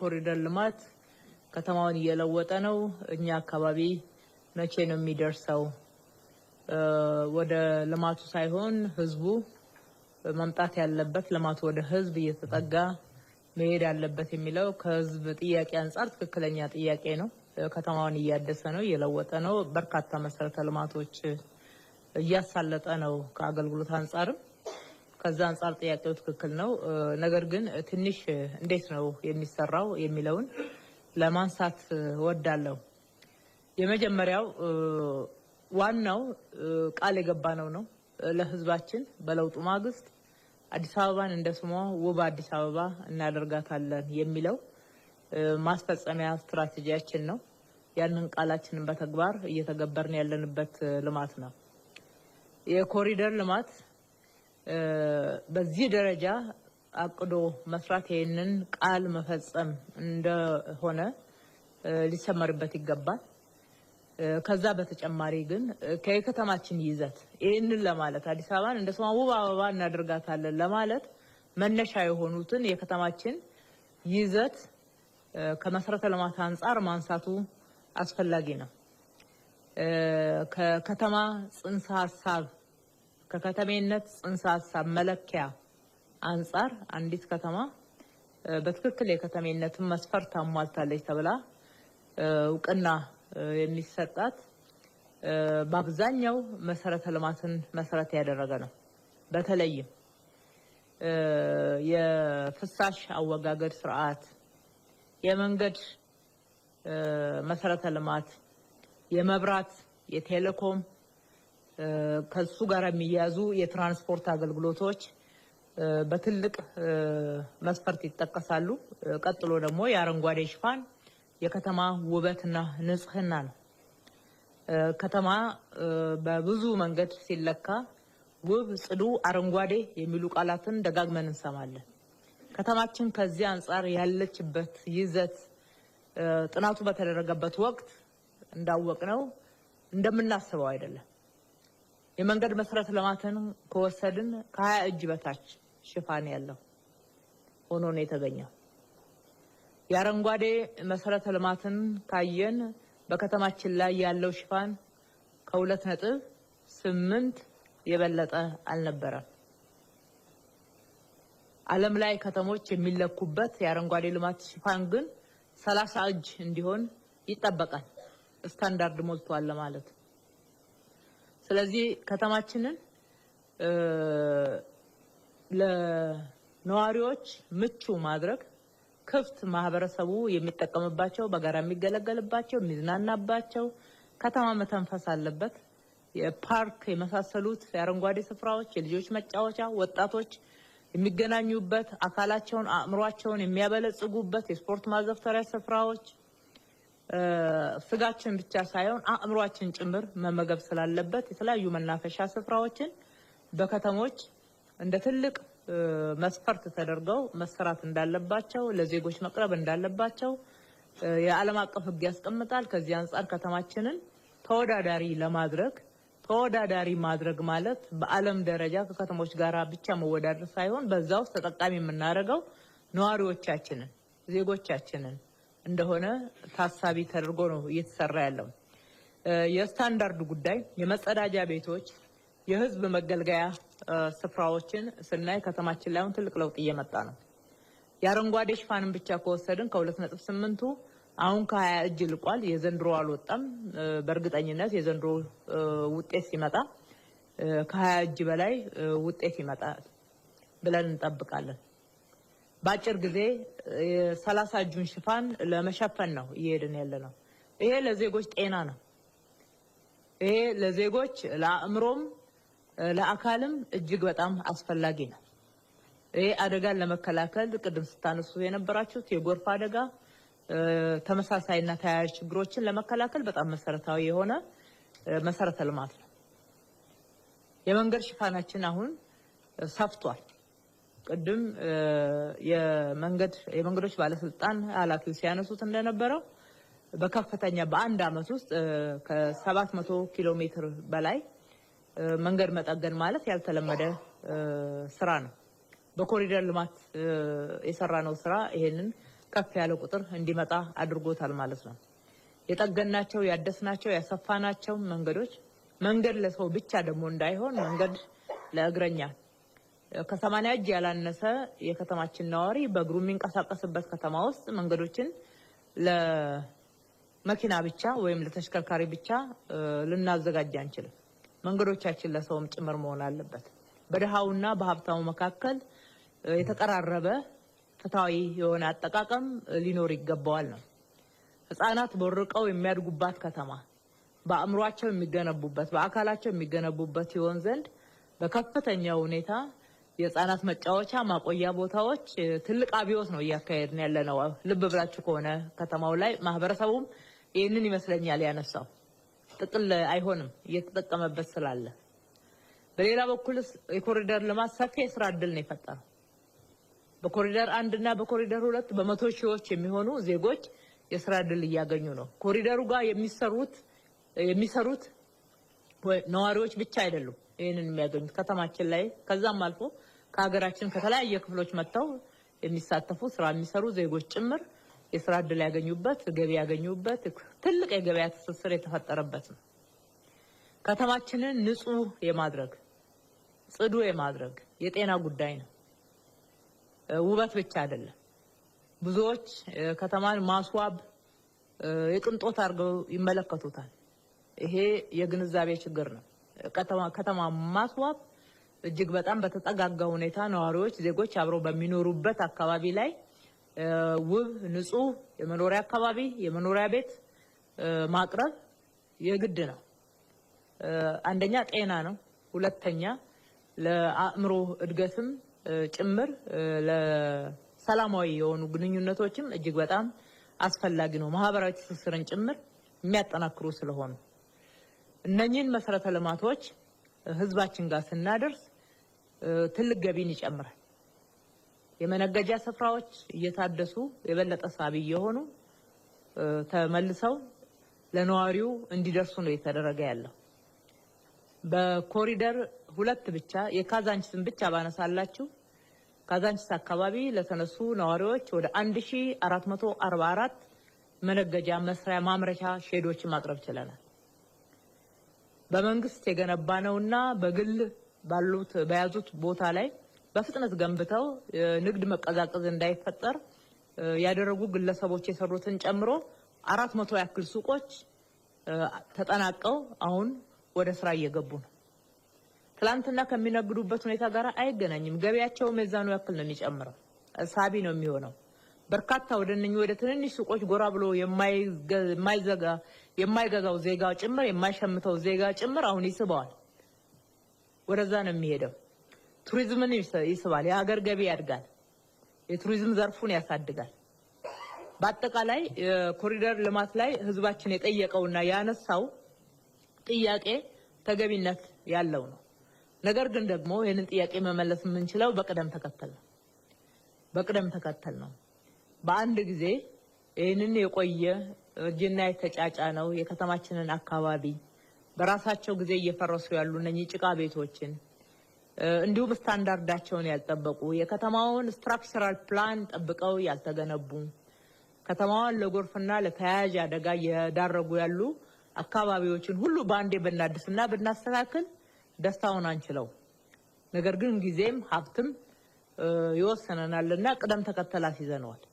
ኮሪደር ልማት ከተማውን እየለወጠ ነው። እኛ አካባቢ መቼ ነው የሚደርሰው? ወደ ልማቱ ሳይሆን ህዝቡ መምጣት ያለበት ልማቱ ወደ ህዝብ እየተጠጋ መሄድ ያለበት የሚለው ከህዝብ ጥያቄ አንጻር ትክክለኛ ጥያቄ ነው። ከተማውን እያደሰ ነው፣ እየለወጠ ነው። በርካታ መሰረተ ልማቶች እያሳለጠ ነው ከአገልግሎት አንጻርም ከዛ አንጻር ጥያቄው ትክክል ነው። ነገር ግን ትንሽ እንዴት ነው የሚሰራው የሚለውን ለማንሳት ወዳለሁ። የመጀመሪያው ዋናው ቃል የገባነው ነው ለህዝባችን በለውጡ ማግስት አዲስ አበባን እንደ ስሟ ውብ አዲስ አበባ እናደርጋታለን የሚለው ማስፈጸሚያ ስትራቴጂያችን ነው። ያንን ቃላችንን በተግባር እየተገበርን ያለንበት ልማት ነው። የኮሪደር ልማት በዚህ ደረጃ አቅዶ መስራት ይህንን ቃል መፈጸም እንደሆነ ሊሰመርበት ይገባል። ከዛ በተጨማሪ ግን ከየከተማችን ይዘት ይህንን ለማለት አዲስ አበባን እንደ ስሟ ውብ አበባ እናደርጋታለን ለማለት መነሻ የሆኑትን የከተማችን ይዘት ከመሰረተ ልማት አንጻር ማንሳቱ አስፈላጊ ነው። ከከተማ ጽንሰ ሀሳብ ከከተሜነት ጽንሰ ሀሳብ መለኪያ አንጻር አንዲት ከተማ በትክክል የከተሜነትን መስፈር ታሟልታለች ተብላ እውቅና የሚሰጣት በአብዛኛው መሰረተ ልማትን መሰረት ያደረገ ነው። በተለይም የፍሳሽ አወጋገድ ስርዓት፣ የመንገድ መሰረተ ልማት፣ የመብራት፣ የቴሌኮም ከሱ ጋር የሚያያዙ የትራንስፖርት አገልግሎቶች በትልቅ መስፈርት ይጠቀሳሉ። ቀጥሎ ደግሞ የአረንጓዴ ሽፋን የከተማ ውበትና ንጽህና ነው። ከተማ በብዙ መንገድ ሲለካ ውብ፣ ጽዱ፣ አረንጓዴ የሚሉ ቃላትን ደጋግመን እንሰማለን። ከተማችን ከዚህ አንጻር ያለችበት ይዘት ጥናቱ በተደረገበት ወቅት እንዳወቅ ነው እንደምናስበው አይደለም። የመንገድ መሰረተ ልማትን ከወሰድን ከሀያ እጅ በታች ሽፋን ያለው ሆኖ ነው የተገኘው። የአረንጓዴ መሰረተ ልማትን ካየን በከተማችን ላይ ያለው ሽፋን ከሁለት ነጥብ ስምንት የበለጠ አልነበረም። ዓለም ላይ ከተሞች የሚለኩበት የአረንጓዴ ልማት ሽፋን ግን ሰላሳ እጅ እንዲሆን ይጠበቃል። ስታንዳርድ ሞልቷል ለማለት ስለዚህ ከተማችንን ለነዋሪዎች ምቹ ማድረግ ክፍት፣ ማህበረሰቡ የሚጠቀምባቸው፣ በጋራ የሚገለገልባቸው፣ የሚዝናናባቸው ከተማ መተንፈስ አለበት። የፓርክ የመሳሰሉት የአረንጓዴ ስፍራዎች፣ የልጆች መጫወቻ፣ ወጣቶች የሚገናኙበት፣ አካላቸውን አእምሯቸውን የሚያበለጽጉበት የስፖርት ማዘውተሪያ ስፍራዎች ስጋችን ብቻ ሳይሆን አእምሯችን ጭምር መመገብ ስላለበት የተለያዩ መናፈሻ ስፍራዎችን በከተሞች እንደ ትልቅ መስፈርት ተደርገው መሰራት እንዳለባቸው፣ ለዜጎች መቅረብ እንዳለባቸው የዓለም አቀፍ ሕግ ያስቀምጣል። ከዚህ አንጻር ከተማችንን ተወዳዳሪ ለማድረግ ተወዳዳሪ ማድረግ ማለት በዓለም ደረጃ ከከተሞች ጋር ብቻ መወዳደር ሳይሆን በዛ ውስጥ ተጠቃሚ የምናደርገው ነዋሪዎቻችንን፣ ዜጎቻችንን እንደሆነ ታሳቢ ተደርጎ ነው እየተሰራ ያለው። የስታንዳርዱ ጉዳይ የመጸዳጃ ቤቶች፣ የህዝብ መገልገያ ስፍራዎችን ስናይ ከተማችን ላይ አሁን ትልቅ ለውጥ እየመጣ ነው። የአረንጓዴ ሽፋንን ብቻ ከወሰድን ከሁለት ነጥብ ስምንቱ አሁን ከሀያ እጅ ልቋል። የዘንድሮ አልወጣም። በእርግጠኝነት የዘንድሮ ውጤት ሲመጣ ከሀያ እጅ በላይ ውጤት ይመጣል ብለን እንጠብቃለን። በአጭር ጊዜ የሰላሳ እጁን ሽፋን ለመሸፈን ነው እየሄድን ያለ ነው። ይሄ ለዜጎች ጤና ነው። ይሄ ለዜጎች ለአእምሮም ለአካልም እጅግ በጣም አስፈላጊ ነው። ይሄ አደጋን ለመከላከል ቅድም ስታነሱ የነበራችሁት የጎርፍ አደጋ ተመሳሳይና ተያያዥ ችግሮችን ለመከላከል በጣም መሰረታዊ የሆነ መሰረተ ልማት ነው። የመንገድ ሽፋናችን አሁን ሰፍቷል። ቅድም የመንገድ የመንገዶች ባለስልጣን ኃላፊው ሲያነሱት እንደነበረው በከፍተኛ በአንድ አመት ውስጥ ከሰባት መቶ ኪሎ ሜትር በላይ መንገድ መጠገን ማለት ያልተለመደ ስራ ነው። በኮሪደር ልማት የሰራነው ስራ ይሄንን ከፍ ያለ ቁጥር እንዲመጣ አድርጎታል ማለት ነው። የጠገናቸው ያደስናቸው፣ ያሰፋናቸው መንገዶች መንገድ ለሰው ብቻ ደግሞ እንዳይሆን መንገድ ለእግረኛ ከሰማንያ እጅ ያላነሰ የከተማችን ነዋሪ በእግሩ የሚንቀሳቀስበት ከተማ ውስጥ መንገዶችን ለመኪና ብቻ ወይም ለተሽከርካሪ ብቻ ልናዘጋጅ አንችልም። መንገዶቻችን ለሰውም ጭምር መሆን አለበት። በድሃውና በሀብታሙ መካከል የተቀራረበ ፍትሐዊ የሆነ አጠቃቀም ሊኖር ይገባዋል ነው። ህጻናት በርቀው የሚያድጉባት ከተማ በአእምሯቸው የሚገነቡበት በአካላቸው የሚገነቡበት ይሆን ዘንድ በከፍተኛ ሁኔታ የህጻናት መጫወቻ ማቆያ ቦታዎች ትልቅ አብዮት ነው እያካሄድን ያለ ነው። ልብ ብላችሁ ከሆነ ከተማው ላይ ማህበረሰቡም ይህንን ይመስለኛል ያነሳው ጥቅል አይሆንም እየተጠቀመበት ስላለ። በሌላ በኩል የኮሪደር ልማት ሰፊ የስራ እድል ነው የፈጠረው። በኮሪደር አንድ እና በኮሪደር ሁለት በመቶ ሺዎች የሚሆኑ ዜጎች የስራ እድል እያገኙ ነው። ኮሪደሩ ጋር የሚሰሩት የሚሰሩት ነዋሪዎች ብቻ አይደሉም ይህንን የሚያገኙት ከተማችን ላይ ከዛም አልፎ ከሀገራችን ከተለያየ ክፍሎች መጥተው የሚሳተፉ ስራ የሚሰሩ ዜጎች ጭምር የስራ እድል ያገኙበት ገቢ ያገኙበት ትልቅ የገበያ ትስስር የተፈጠረበት ነው። ከተማችንን ንጹህ የማድረግ ጽዱ የማድረግ የጤና ጉዳይ ነው። ውበት ብቻ አይደለም። ብዙዎች ከተማን ማስዋብ የቅንጦት አድርገው ይመለከቱታል። ይሄ የግንዛቤ ችግር ነው። ከተማ ማስዋብ እጅግ በጣም በተጠጋጋ ሁኔታ ነዋሪዎች፣ ዜጎች አብረው በሚኖሩበት አካባቢ ላይ ውብ ንጹህ የመኖሪያ አካባቢ የመኖሪያ ቤት ማቅረብ የግድ ነው። አንደኛ ጤና ነው፣ ሁለተኛ ለአእምሮ እድገትም ጭምር ለሰላማዊ የሆኑ ግንኙነቶችም እጅግ በጣም አስፈላጊ ነው። ማህበራዊ ትስስርን ጭምር የሚያጠናክሩ ስለሆኑ እነኚህን መሰረተ ልማቶች ህዝባችን ጋር ስናደርስ ትልቅ ገቢን ይጨምራል። የመነገጃ ስፍራዎች እየታደሱ የበለጠ ሳቢ እየሆኑ ተመልሰው ለነዋሪው እንዲደርሱ ነው የተደረገ ያለው። በኮሪደር ሁለት ብቻ የካዛንችስን ብቻ ባነሳላችሁ ካዛንችስ አካባቢ ለተነሱ ነዋሪዎች ወደ 1444 መነገጃ መስሪያ ማምረቻ ሼዶችን ማቅረብ ችለናል። በመንግስት የገነባ ነውና በግል ባሉት በያዙት ቦታ ላይ በፍጥነት ገንብተው ንግድ መቀዛቀዝ እንዳይፈጠር ያደረጉ ግለሰቦች የሰሩትን ጨምሮ አራት መቶ ያክል ሱቆች ተጠናቀው አሁን ወደ ስራ እየገቡ ነው። ትላንትና ከሚነግዱበት ሁኔታ ጋር አይገናኝም። ገበያቸው ሚዛኑ ያክል ነው የሚጨምረው፣ ሳቢ ነው የሚሆነው። በርካታ ወደ እነኚህ ወደ ትንንሽ ሱቆች ጎራ ብሎ የማይገዛው ዜጋ ጭምር የማይሸምተው ዜጋ ጭምር አሁን ይስበዋል። ወደዛ ነው የሚሄደው። ቱሪዝምን ይስባል፣ የሀገር ገቢ ያድጋል፣ የቱሪዝም ዘርፉን ያሳድጋል። በአጠቃላይ የኮሪደር ልማት ላይ ህዝባችን የጠየቀውና ያነሳው ጥያቄ ተገቢነት ያለው ነው። ነገር ግን ደግሞ ይህንን ጥያቄ መመለስ የምንችለው በቅደም ተከተል ነው በቅደም ተከተል ነው። በአንድ ጊዜ ይህንን የቆየ እርጅና የተጫጫ ነው የከተማችንን አካባቢ በራሳቸው ጊዜ እየፈረሱ ያሉ እነኚህ ጭቃ ቤቶችን እንዲሁም ስታንዳርዳቸውን ያልጠበቁ የከተማውን ስትራክቸራል ፕላን ጠብቀው ያልተገነቡ ከተማዋን ለጎርፍና ለተያያዥ አደጋ እየዳረጉ ያሉ አካባቢዎችን ሁሉ በአንዴ ብናድስና ብናስተካክል ደስታውን አንችለው። ነገር ግን ጊዜም ሀብትም ይወሰነናልና ቅደም ተከተል አስይዘነዋል።